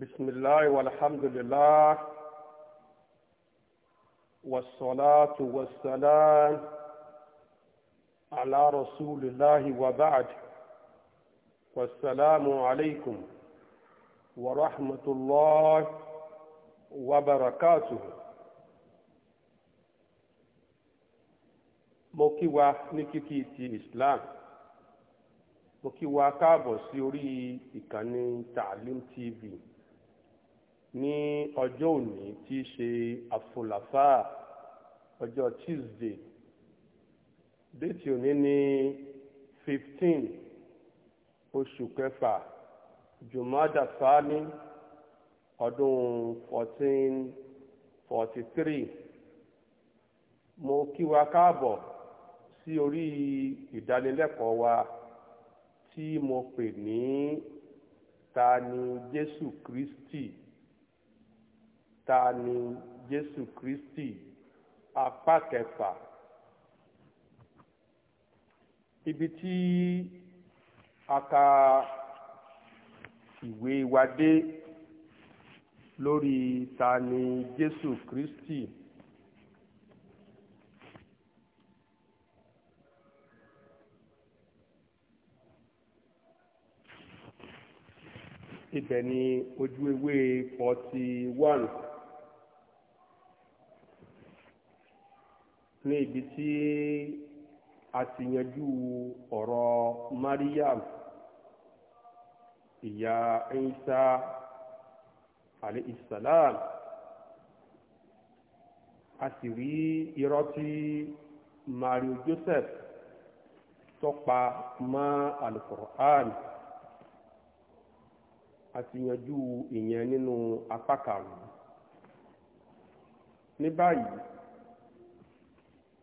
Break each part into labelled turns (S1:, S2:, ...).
S1: بسم الله والحمد لله والصلاة والسلام على رسول الله وبعد والسلام عليكم ورحمة الله وبركاته موكيوا نكيكي في الإسلام kí wa káàbọ̀ sí orí تي في ní ọjọ́ òní tí í ṣe àfòlàfà ọjọ́ Tuesday déètì òní ní fifteen oṣù kẹfà jùmọ́dà fáánì ọdún fourteen forty three mo kí wa káàbọ̀ sí orí ìdánilẹ́kọ̀ọ́ wa tí mo pè ní ta ni Jésù Kristi ta ni Jésù Kristi apá kẹfà ibi tí a ka ìwé wa dé lórí ta ni Jésù Kristi. ibẹ̀ ni ojú ewé forty one. ní ibi tí a ti yanjú ọ̀rọ̀ Mariam ìyá Isa alayhi a sì rí irọ́ tí Mario Joseph tọ́pa mọ́ alukur'an a ti yanjú ìyẹn nínú apá karùn-ún ní báyìí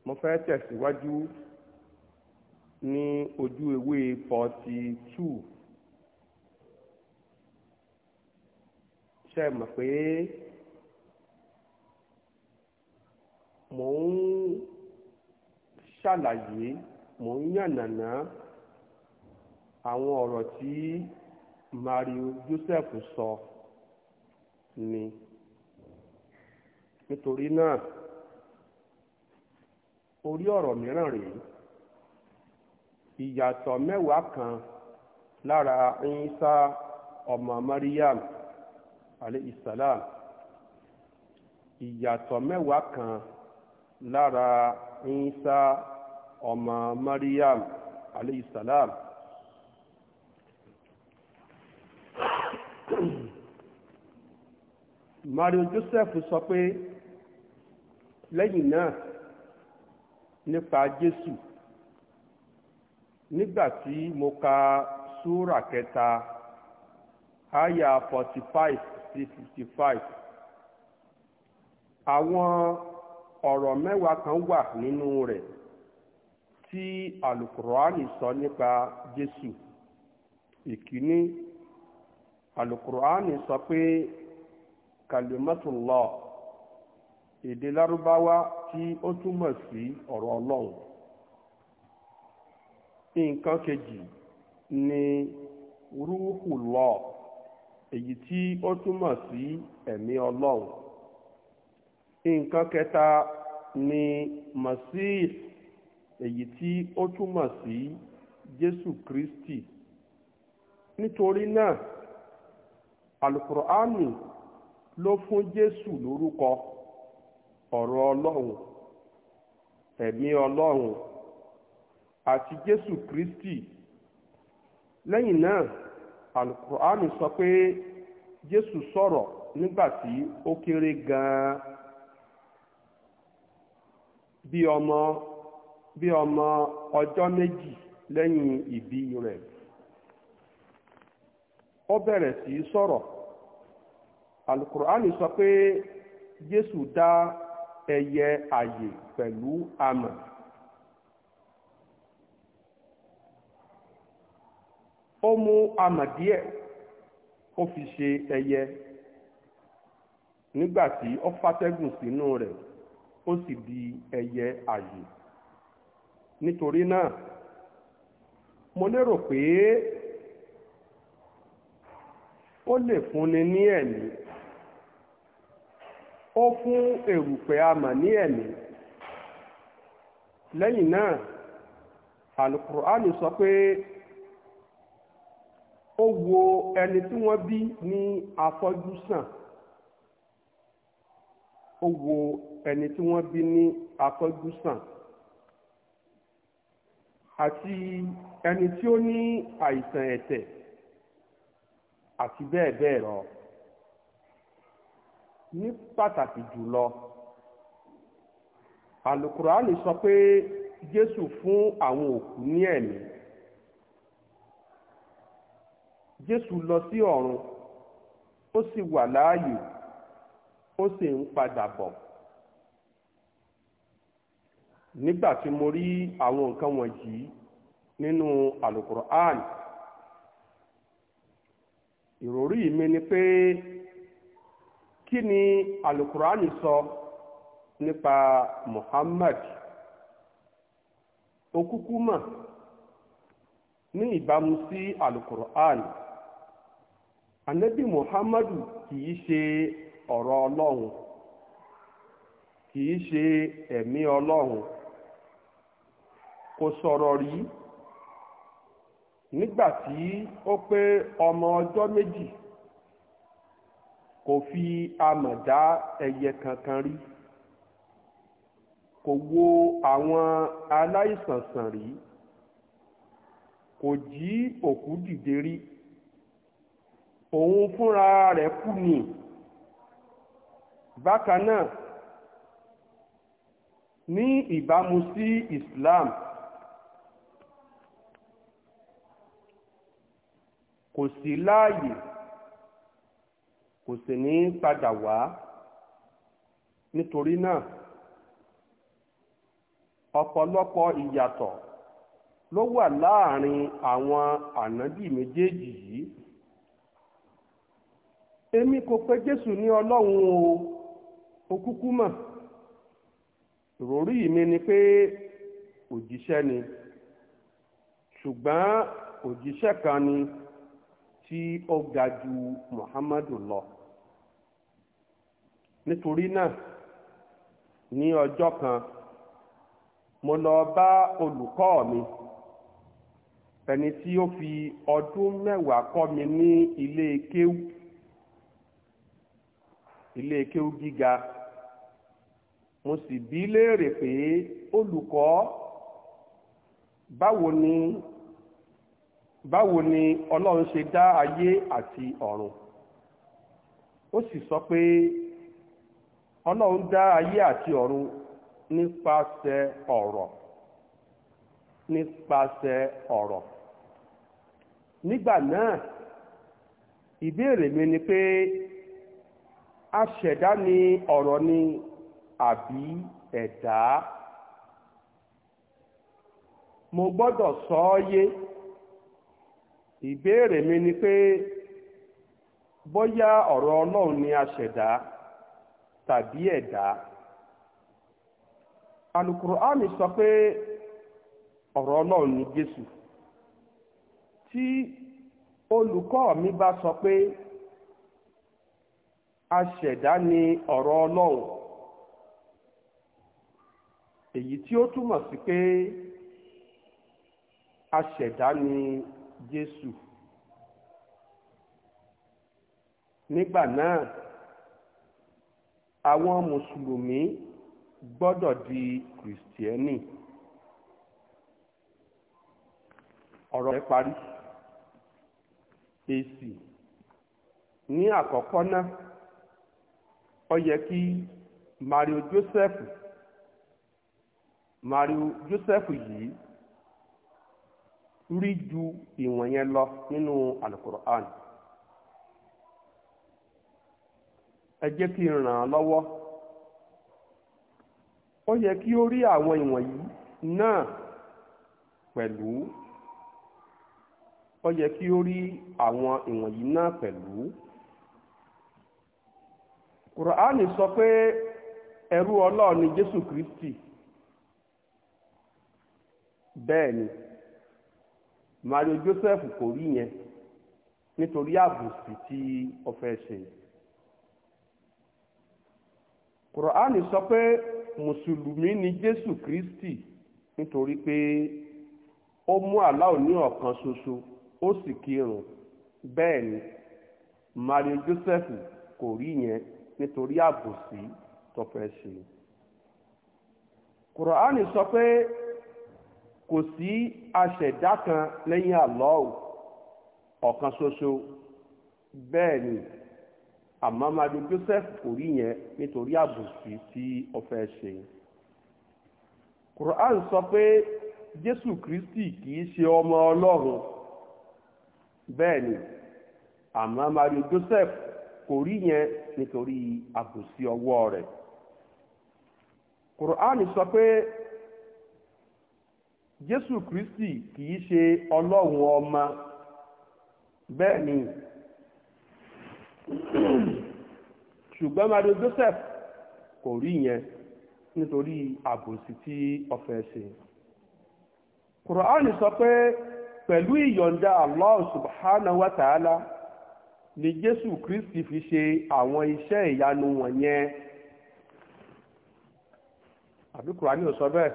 S1: mo fẹ́ tẹ̀síwájú ní ojú ewé forty two ṣe mọ̀ pé mò ń ṣàlàyé mò ń yànnàná àwọn ọ̀rọ̀ tí Mario Joseph sọ ni nítorí náà orí ọ̀rọ̀ mìíràn rèé ìyàtọ̀ mẹ́wàá kan lára Ìsá ọmọ Maryam aleyhisalaam ìyàtọ̀ mẹ́wàá kan lára Ìsá ọmọ Maryam aleyhisalaam Mario Joseph sọ pé lẹ́yìn náà nípa Jésù nígbà tí mo ka súrà kẹta àyà forty five sí fifty five àwọn ọ̀rọ̀ mẹ́wàá kan wà nínú rẹ̀ tí alukur'ani sọ nípa Jésù ìkíní alukur'ani sọ pé kalimatullah èdè lárúbáwá tí ó túmọ̀ sí ọ̀rọ̀ ọlọ́run nǹkan kejì ni rúhù lọ èyí tí ó túmọ̀ sí ẹ̀mí ọlọ́run nǹkan kẹta ni èyí tí ó túmọ̀ sí kristi nítorí náà alukur'ani ló fún jésù lórúkọ. ọ̀rọ̀ ọlọ́run ẹ̀mí ọlọ́run àti jésù kristi lẹ́yìn náà alukur'ani sọ pé jésù sọ̀rọ̀ nígbàtí ó kéré gan-an bí ọmọ bí ọmọ ọjọ́ méjì lẹ́yìn ìbí rẹ̀ ó bẹ̀rẹ̀ sí sọ̀rọ̀ alukur'ani sọ pé jésù dá ẹyẹ àyè pẹ̀lú àmà. ó mú àmà díẹ̀ ó fi ṣe ẹyẹ nígbàtí tí ó fàtẹ́gùn sínú rẹ̀ ó sì di ẹyẹ àyè nítorí náà mo lérò pé ó lè fúnni ní ẹ̀mí ó fún èrùpẹ̀ amà ní ẹ̀mí lẹ́yìn náà alukur'ani sọ pé ó wo ẹni tí wọ́n bí ní afọ́jú sàn ó wo ẹni tí wọ́n bí ní afọ́jú sàn àti ẹni tí ó ní àìsàn ẹ̀tẹ̀ àti bẹ́ẹ̀ bẹ́ẹ̀ lọ ní pàtàkì jùlọ àlùkùránì sọ pé jésù fún àwọn òkú ní ẹ̀mí jésù lọ sí ọ̀run ó sì wà láàyè ó sì ń padà bọ̀ nígbà tí mo rí àwọn nǹkan wọ̀nyí nínú àlùkùránì ìròrí mi ni pé kí ni alukurani sọ nípa Muhammad okuku mà ní ìbámu sí alukurani anabi Muhammadu kìí ṣe ọrọ ọlọrun kìí ṣe ẹ̀mí ọlọrun kò sọrọ rí nígbà tí ó pé ọmọ ọjọ méjì kò fi amọ̀ dá ẹyẹ kankan rí kò wo àwọn aláìsàn sàn rí kò jí òkú dìde rí òun fúnra rẹ̀ kú ni bákan náà ní ìbámu sí Islam kò sí láàyè kò sì ní padà wá nítorí náà ọ̀pọ̀lọpọ̀ ìyàtọ̀ ló wà láàrin àwọn ànábì méjèèjì yìí èmi kò pe Jésù ní Ọlọ́run o ó kúkú mọ̀ ìròrí mi ni pé òjíṣẹ́ ni ṣùgbọ́n òjíṣẹ́ kan ni tí ó ga ju Muhammadu lọ. nítorí náà ní ọjọ́ kan mo lọ bá olùkọ́ mi ẹni tí ó fi ọdún mẹ́wàá kọ́ mi ní ilé kéwú ilé kéwú gíga mo sì bí léèrè pé olùkọ́ báwo ni báwo ni ọlọ́run ṣe dá ayé àti ọ̀run ó sì sọ pé ọlọ́run dá ayé àti ọ̀run nípasẹ̀ ọ̀rọ̀ nípasẹ̀ ọ̀rọ̀ nígbà náà ìbéèrè mi ni pé aṣẹ̀dá ni ọ̀rọ̀ ni àbí ẹ̀dá mo gbọ́dọ̀ sọ ọ́ yé ìbéèrè mi ni pé bóyá ọ̀rọ̀ ọlọ́run ni aṣẹ̀dá. tàbí ẹ̀dá alukur'ani sọ pé ọ̀rọ̀ náà ni jésù tí olùkọ́ mi bá sọ pé aṣẹ̀dá ni ọ̀rọ̀ ọlọ́run èyí tí ó túmọ̀ sí pé aṣẹ̀dá ni jésù nígbà náà àwọn mùsùlùmí gbọ́dọ̀ di kìrìsìtẹ́nì ọ̀rọ̀ rẹ̀ parí èsì ní àkọ́kọ́ náà ó yẹ kí Mario Joseph Mario Joseph yìí rí ju ìwọ̀n yẹn lọ nínú Al-Qur'an. ẹ jẹ́ kí n ràn án lọ́wọ́ ó yẹ kí ó rí àwọn ìwọ̀nyí náà pẹ̀lú ó yẹ kí ó rí àwọn ìwọ̀nyí náà pẹ̀lú kùránì sọ pé ẹrú ọlọ́ọ̀ ni jésù kristi bẹ́ẹ̀ ni mario joseph kò rí yẹn nítorí àbùsí tí ọ fẹ́ ṣe yìí kùrọ̀ánì sọ pé mùsùlùmí ni jésù kristi nítorí pé ó mú aláwo ní ọ̀kan ṣoṣo ó sì kírun bẹ́ẹ̀ ni mario joseph kò rí yẹn nítorí àbòsí tó fẹ́ ṣe kùrọ̀ánì sọ pé kò sí aṣẹ̀dá kan lẹ́yìn àlọ́ọ̀ ọ̀kan ṣoṣo bẹ́ẹ̀ ni. àmọ́ amadu Joseph kò rí yẹn nítorí àbùsí tí ọ fẹ́ ṣe Quran sọ pé Jésù Kristi kìí ṣe ọmọ Ọlọ́run bẹ́ẹ̀ ni àmọ́ Joseph kò rí yẹn nítorí ọwọ́ rẹ̀ Quran Kristi ṣe Ọlọ́run ọmọ bẹ́ẹ̀ ni. ṣùgbọ́n mario joseph kò rí yẹn nítorí àbòsí tí ọ̀fẹ́ ṣe kùrọ̀ánì sọ pé pẹ̀lú ìyọ̀ǹda allah subhanahu wa ta'ala ni jésù kristi fi ṣe àwọn iṣẹ́ ìyanu wọ̀nyẹn àbí kùrọ̀ánì ò sọ bẹ́ẹ̀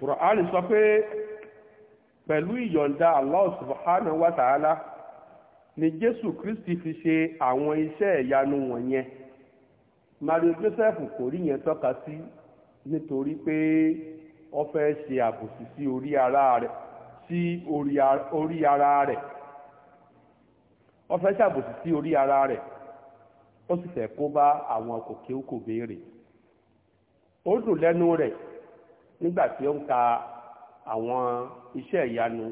S1: Kùránì sọ pé pẹ̀lú ìyọ̀ǹda Allah subhanahu wa ta'ala ni Jésù Kristi fi ṣe àwọn iṣẹ́ ìyanu wọ̀nyẹn Mario Joseph kò rí yẹn tọ́ka sí nítorí pé ó fẹ́ ṣe àbòsí sí orí ara rẹ̀ sí orí ara rẹ̀ ó fẹ́ ṣàbòsí sí orí ara rẹ̀ ó sì fẹ́ kó bá àwọn kòkéwò kò béèrè ó dùn lẹ́nu rẹ̀ nígbà tí ó ń ka àwọn iṣẹ́ ìyanu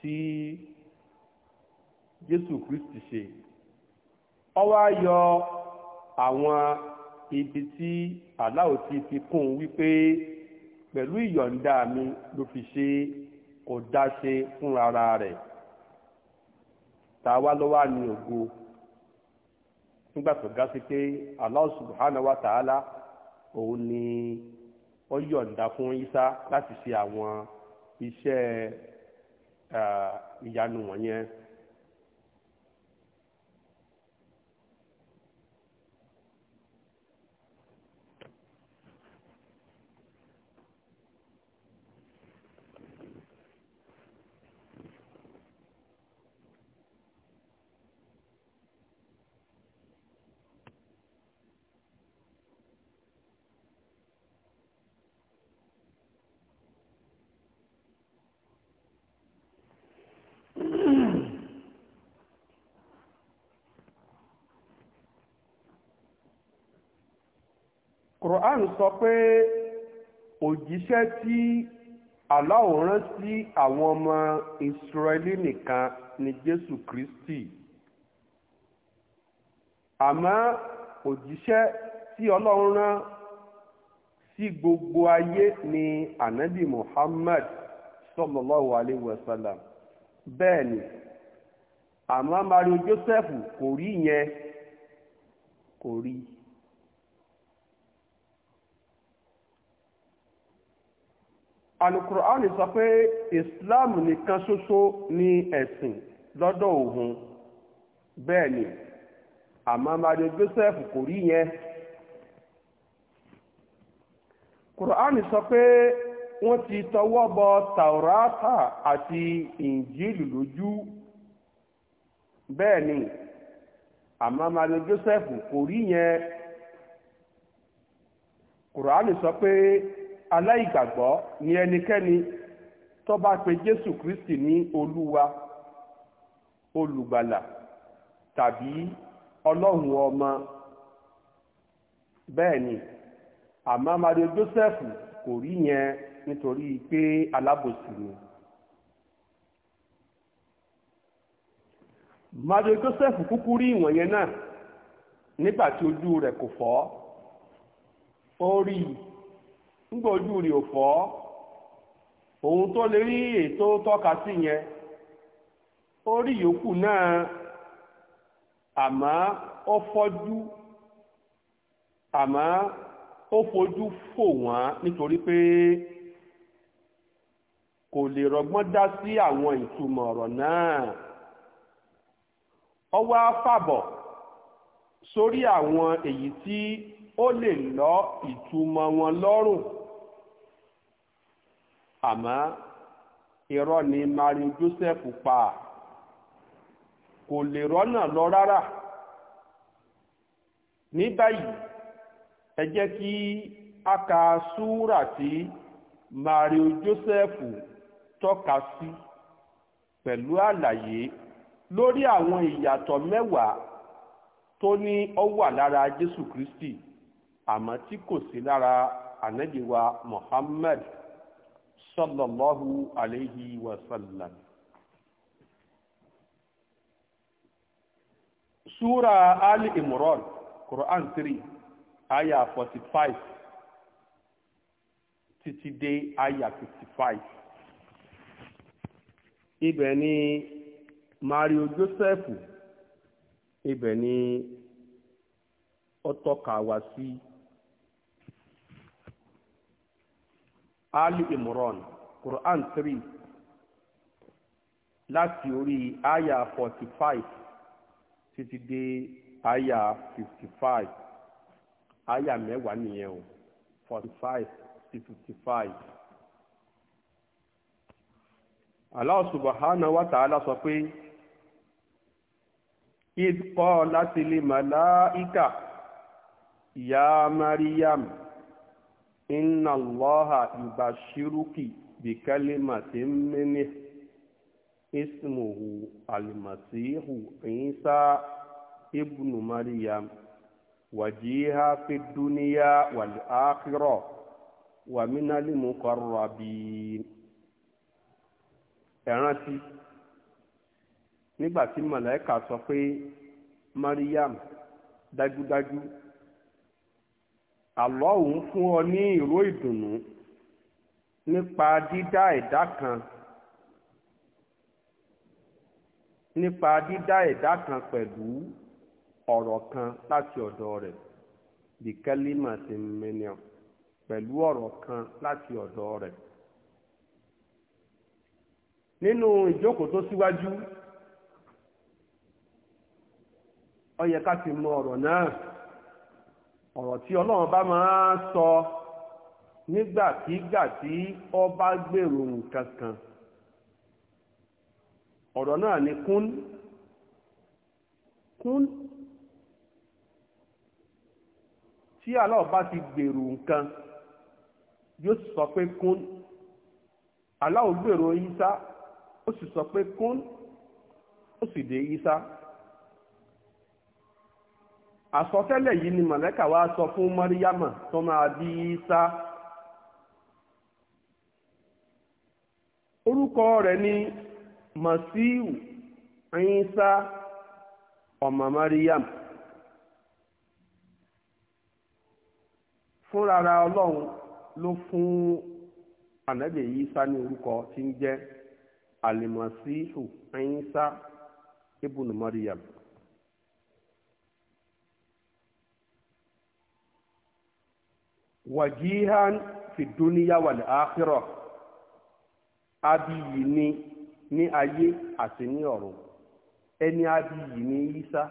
S1: tí Jésù Kristi ṣe ó wá yọ àwọn ibi tí aláwo ti fi kún wípé pẹ̀lú ìyọ̀ǹda mi ló fi ṣe kò dáṣe fúnra rẹ̀ tàwa ló wà ògo nígbà tó ga sí pé Allah subhanahu wa ta'ala òun ni ó yọ̀ǹda fún isa láti ṣe àwọn iṣẹ́ ìyanu wọ̀nyẹn. Quran sọ pé òjíṣẹ́ tí Allah rán sí àwọn ọmọ Ìsírẹ́lì nìkan ni Jésù Kristi àmọ́ òjíṣẹ́ tí Ọlọ́run rán sí gbogbo ayé ni ànábì Muhammad sallallahu alayhi wa sallam bẹ́ẹ̀ ni àmọ́ Mario Joseph kò rí yẹn kò rí i. alukur'ani sọ pé islam nìkan ṣoṣo ní ẹ̀sìn lọ́dọ̀ òun bẹ́ẹ̀ ni àmọ́ mario joseph kò rí yẹn kùránì sọ pé wọ́n ti tọwọ́ bọ taurata àti ìnjílù lójú bẹ́ẹ̀ ni àmọ́ mario joseph kò rí yẹn kùránì sọ pé aláìgbàgbọ́ ni ẹnikẹ́ni tó bá pe jésù kristi ní olúwa olùgbàlà tàbí ọlọ́run ọmọ bẹ́ẹ̀ ni àmọ́ mario joseph kò rí yẹn nítorí pé alábòsí ni mario joseph kúkú rí ìwọ̀n yẹn náà nígbà tí ojú rẹ̀ kò fọ́ ó rí i ńgbà ojú rè ò fọ́ òun tó lè rí ètò tọ́ka sí yẹn ó rí yòókù náà àmọ́ ó fọ́jú àmọ́ ó fojú fò wọ́n nítorí pé kò lè rọgbọ́n dá sí àwọn ìtumọ̀ ọ̀rọ̀ náà fàbọ̀ sórí àwọn èyí lọ ìtumọ̀ wọn lọ́rùn. àmọ́ irọ́ ni Mario Joseph pa kò lè rọ́nà lọ rárá ní báyìí ẹ jẹ́ kí a ka súrà tí Mario Joseph tọ́ka sí pẹ̀lú àlàyé lórí àwọn ìyàtọ̀ mẹ́wàá tó ní ó wà lára Jésù Kristi àmọ́ tí kò sí lára ànábì wa Muhammad sallallahu alayhi wa sallam. Súra Ali Imran, Quran 3, Aya 45, títí dé Aya 55. Ibẹ̀ ni Mario Joseph, ibẹ̀ ni ó tọ́ka wá sí. Si ali imran quran 3, láti orí aya 45, five títí dé aya fifty five aya mẹ́wàá nìyẹn o forty five to fifty five. Allah subhanahu wa ta'ala sọ pé idh qalat lil mala'ika ya Maryam. inna allaha yubashiruki bi kalimatin minhu ismuhu almasihu isa ibnu maryam wajiha fi dunya wal akhirah wa min al muqarrabin ẹ rántí nígbà tí màláíkà sọ pé daju. àlọ́ òun fún ọ ní ìró ìdùnnú nípa dídá ẹ̀dá kan nípa dídá ẹ̀dá kan pẹ̀lú ọ̀rọ̀ kan láti ọ̀dọ̀ rẹ̀ bìkẹ́límà ti mẹ́nìọ̀ pẹ̀lú ọ̀rọ̀ kan láti ọ̀dọ̀ rẹ̀ nínú ìjókòó tó síwájú ó yẹ ká ti mọ ọ̀rọ̀ náà ọ̀rọ̀ tí ọlọ́run bá máa sọ nígbàkígbà tí ó bá gbèrò nǹkan kan ọ̀rọ̀ náà ni kún kún tí aláwọ̀ bá ti gbèrò nǹkan yóò sọ pé kún aláwọ̀ gbèrò Ìsá ó sì sọ pé kún ó sì dé Ìsá. àsọtẹ́lẹ̀ yìí ni mọ̀lẹ́kà wá sọ fún mọ́ríyámà tó máa bí sá orúkọ rẹ̀ ni masiu ayinsa ọmọ mọ́ríyámà fúnrara ọlọ́run ló fún ànábì Ìsá ní orúkọ tí ń jẹ́ alimasihu ayinsa ibùnú mọ́ríyámà wàjíhán fi dúníyà wal akhirah abiyì ni ní ayé àti ní ọ̀run ẹni abiyì ni Ìsá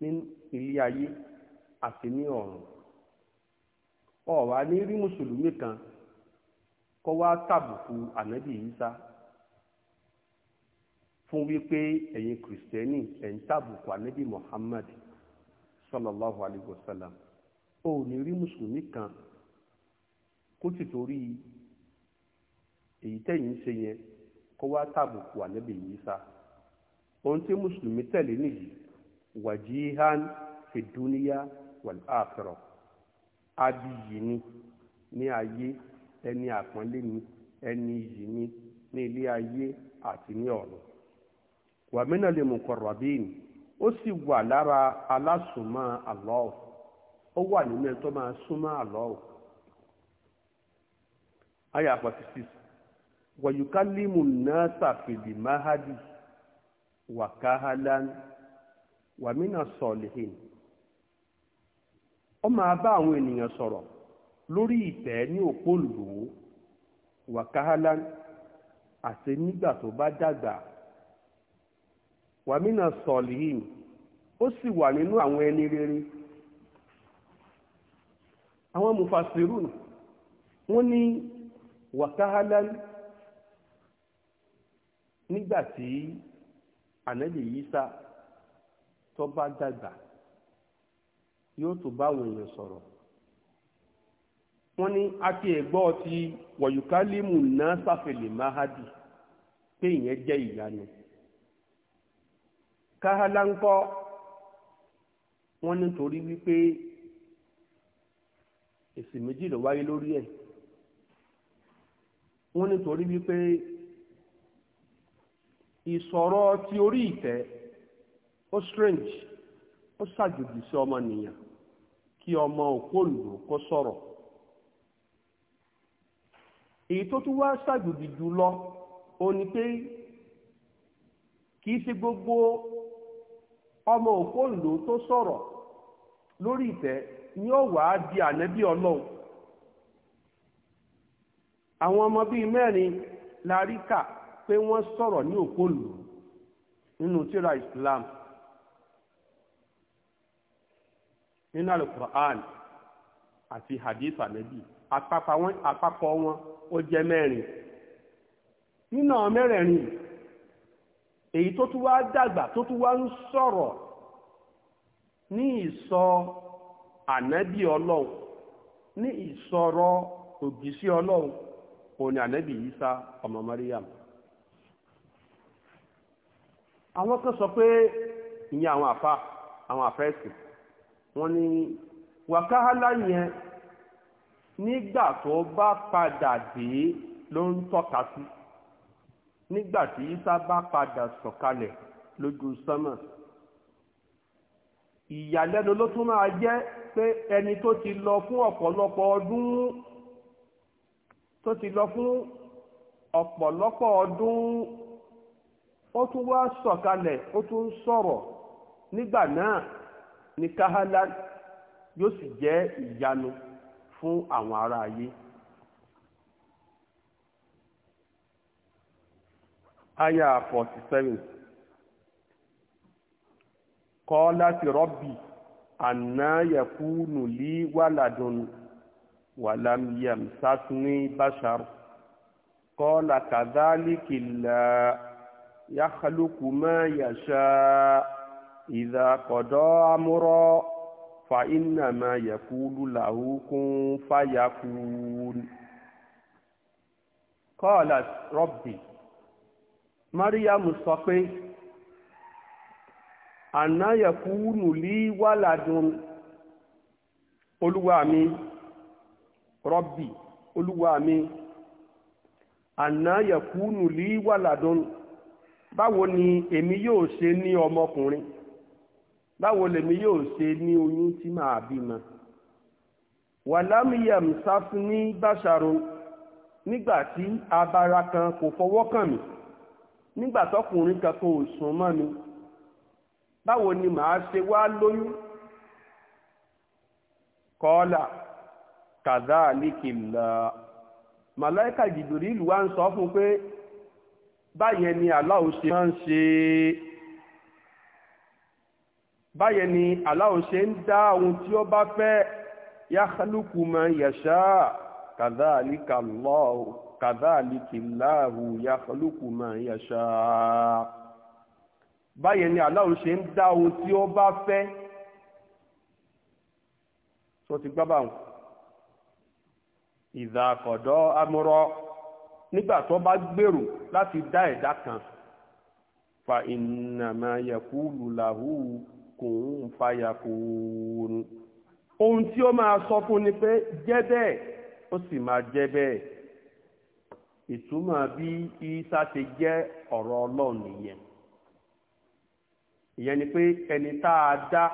S1: ní ilé ayé àti ní ọ̀run ọ̀wá ní rí mùsùlùmí kan kọ́ wá tàbùkù ànábì Ìsá fún wípé ẹ̀yin kìrìsìtẹ́nì ẹ̀ ń tàbùkù ànábì Muhammad sallallahu alayhi wa o ò ní rí mùsùlùmí kan kó sì torí èyí tẹ̀yìn ń ṣe yẹn kó wá tàbùkù ànábì Ìsá ohun tí mùsùlùmí tẹ̀lé nìyí wàjíhán fìdúníyà wàláàfẹ̀rọ̀ abiyì ni ní ayé ẹni àpọ́nlé yi ẹni ni ní ilé ayé àti ní ọ̀run wàmínà lè mú kọ̀rọ̀ bíi ó sì wà ó wà nínú ẹ tó máa súnmọ́ àlọ́ ò àyà forty six wàyùkálímù náà sàfìdì máhádì wàkáhálán wàmínà sọ̀lìhìn ó máa bá àwọn ènìyàn sọ̀rọ̀ lórí ìtẹ́ ní òpó wà wàkáhálá àti nígbà tó bá dàgbà wàmínà sọ̀lìhìn ó sì wà nínú àwọn ẹni rere. àwọn mufasirun wọ́n ní wakahalan nígbà tí ànábì Ìsá tó bá dàgbà yóò tó báwọn èèyàn sọ̀rọ̀ wọ́n ní àti ẹ̀gbọ́ ti wọ̀yùkálímù náà sáfẹ̀lẹ̀ máhádì pé ìyẹn jẹ́ ìyanu káhálà kọ́ wọ́n nítorí wípé èsì méjì ló wáyé lórí ẹ̀ wọ́n nítorí wípé ìsọ̀rọ̀ ti orí ìtẹ́ ó strange ó ṣàjòjì sí ọmọnìyàn kí ọmọ òkòlùdò kó sọ̀rọ̀ èyí tó tún wá ṣàjòjì jù lọ ó ní pé kìí ṣe gbogbo ọmọ òkòlùdò tó sọ̀rọ̀ lórí ìtẹ́ ni ó wàá di ànábì ọlọ́run àwọn ọmọ bíi mẹ́rin la rí kà pé wọ́n sọ̀rọ̀ ní òpólù nínú tíra Islam nínú alukur'an àti hadith ànábì àpapọ̀ wọn ó jẹ́ mẹ́rin nínú àwọn mẹ́rẹ̀ẹ̀rin èyí tó tún wá dàgbà tó tún wá ń sọ̀rọ̀ ní ìsọ anebi ọlọ́run ní ìsọ̀rọ̀ ògìsí ọlọ́run òun ni ànábì Ìsá ọmọ Mariam àwọn kan sọ pé ìyẹn àwọn àfa àwọn àfẹ́sì wọ́n ní wàkáhálà yẹn nígbà tó bá padà dé ló ń tọ́ka sí nígbà tí Ìsá bá padà sọ̀kalẹ̀ lójú sánmà ìyàlẹ́nu ló tún máa jẹ́ pé ẹni tó ti lọ fún ọ̀pọ̀lọpọ̀ ọdún tó ti lọ fún ọ̀pọ̀lọpọ̀ ọdún ó tún wá sọ̀kalẹ̀ ó tún sọ̀rọ̀ nígbà náà ní káhálà yóò sì jẹ́ ìyanu fún àwọn ará ayé. Aya 47 qalat rabbi anna yakunu li waladun walam yamsasni bashar qala kadhalika Allah yakhluqu ma yasha idha qada amra fa innama yaqulu lahu kun fayakun qalat rabbi Maryam sọ pé ànáyẹ̀kú nùlí wàládùn olúwa mi rọ́bì olúwa mi ànáyẹ̀kú nùlí wàládùn báwo ni èmi yóò ṣe ní ọmọkùnrin báwo lèmi yóò ṣe ní oyún tí màá bímọ wàlámìyàm sáfún ní báṣàrò nígbà tí abara kan kò fọwọ́ kàn mí nígbà tọkùnrin kan kò sùn mọ́ mi báwo ni màá ṣe wá lóyún kọ́ọ́là kàdáàlìkìlá màláìkà jìbìrìlù wá ń sọ fún pé báyẹn ni aláwo ṣe máa ń ṣe báyẹn ni aláwo ṣe ń dá ohun tí ó bá fẹ́ yakhluqu man yasha kàdáàlìkàlá kàdáàlìkìlá yakhluqu man yasha báyẹn ni Allah ṣe ń dá ohun tí ó bá fẹ́ tó ti gbá báwọn ìdàkọ̀dọ́ amúrọ́ nígbà tó bá gbèrò láti dá ẹ̀dá kan fa innama yaqulu lahu kun fayakun ohun tí ó máa sọ fún ni pé jẹ́ bẹ́ẹ̀ ó sì máa jẹ́ bẹ́ẹ̀ ìtumọ̀ bí isa ti jẹ́ ọ̀rọ̀ ọlọ́run nìyẹn ìyẹn ni pé ẹni tá a dá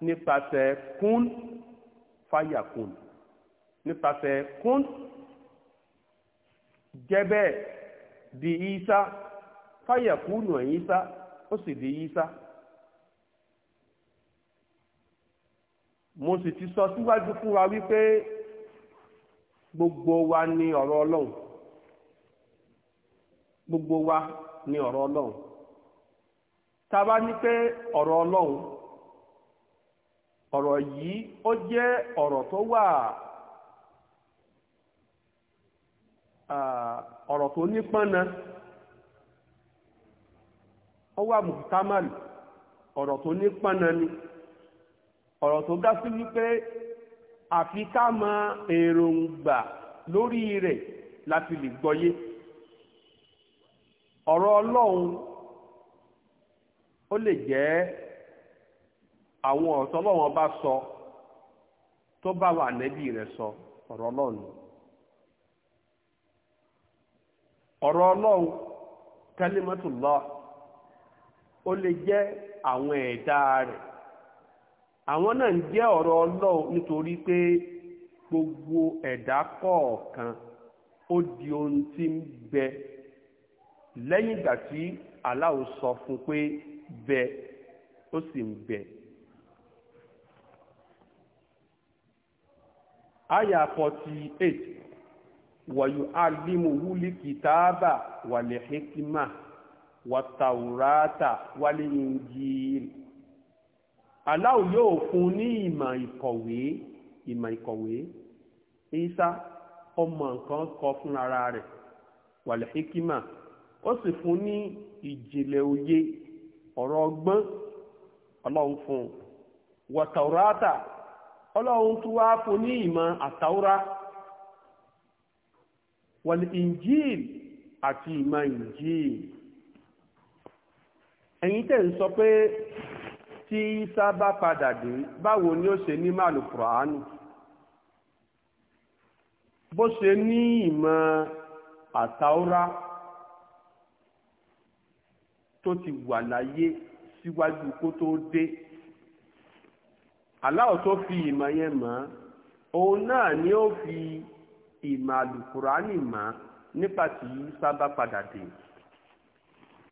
S1: nípasẹ̀ kún fáyà kún nípasẹ̀ kún jẹ́ bẹ́ẹ̀ di Ìsá fáyà kúnù ẹ̀ Ìsá ó sì di Ìsá. mo sì ti sọ síwájú fún wa wípé gbogbo wa ni ọ̀rọ̀ Ọlọ́run gbogbo wa ni ọ̀rọ̀ Ọlọ́run tá a bá ní pé ọ̀rọ̀ ọlọ́run ọ̀rọ̀ yìí ó jẹ́ ọ̀rọ̀ tó wà ọ̀rọ̀ tó nípọ́nà ó wà mùtámàlì ọ̀rọ̀ tó nípọ́nà ni ọ̀rọ̀ tó gá sí wípé àfi ká mọ èròǹgbà lórí rẹ̀ láti lè gbọ́yé ọ̀rọ̀ ọlọ́run ó lè jẹ́ àwọn ọ̀tọ́ lọ́wọ́n bá sọ tó bá wà nẹ́bí rẹ̀ sọ ọ̀rọ̀ ọlọ́run ọ̀rọ̀ ọlọ́run le ó lè jẹ́ àwọn ẹ̀dá rẹ̀ àwọn náà ń jẹ́ ọ̀rọ̀ ọlọ́run nítorí pé gbogbo ẹ̀dá kọ̀ọ̀kan ó di ohun tí ń bẹ lẹ́yìn ìgbà tí Allah sọ fún pé bẹ ó sì ń bẹ. àyà forty eight wàyù alimu wúlí kìtàbà wàlẹ̀ hikima wàtàwùrátà wàlẹ̀ injil. aláwo yóò fún ní ìmọ̀ ìkọ̀wé ìmọ̀ ìkọ̀wé isa ọmọ nǹkan kọ fúnra rẹ̀ wàlẹ̀ hikima ó sì fún ní ìjìnlẹ̀ òye ọ̀rọ̀ ọgbọ́n ọlọ́run fún un wọ̀tàwùrátà ọlọ́run tún wá fún ní ìmọ̀ àtàwùrá wọ̀lì injil àti ìmọ̀ injil ẹ̀yin tẹ̀ ń sọ pé tí Ìsá bá padà dé báwo ni ó ṣe ní màlù kùránù bó ṣe ní ìmọ̀ àtàwùrá tó ti wà láyé síwájú kó tó dé aláwọ̀ tó fi ìmọ̀ yẹn mọ̀ òun náà ni ó fi ìmọ̀ àlùkùránì mọ̀ nípa tí sábà padà dé.